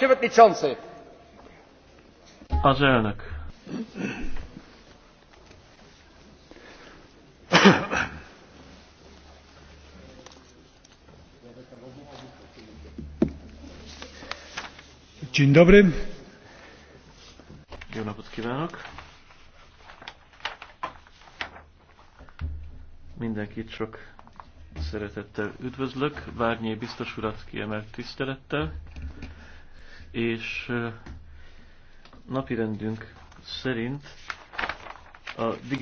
przewodniczący! Az elnök. Dzień dobry. Jó napot kívánok! Mindenkit sok szeretettel üdvözlök, Várnyé biztos urat kiemelt tisztelettel és napirendünk szerint a digitális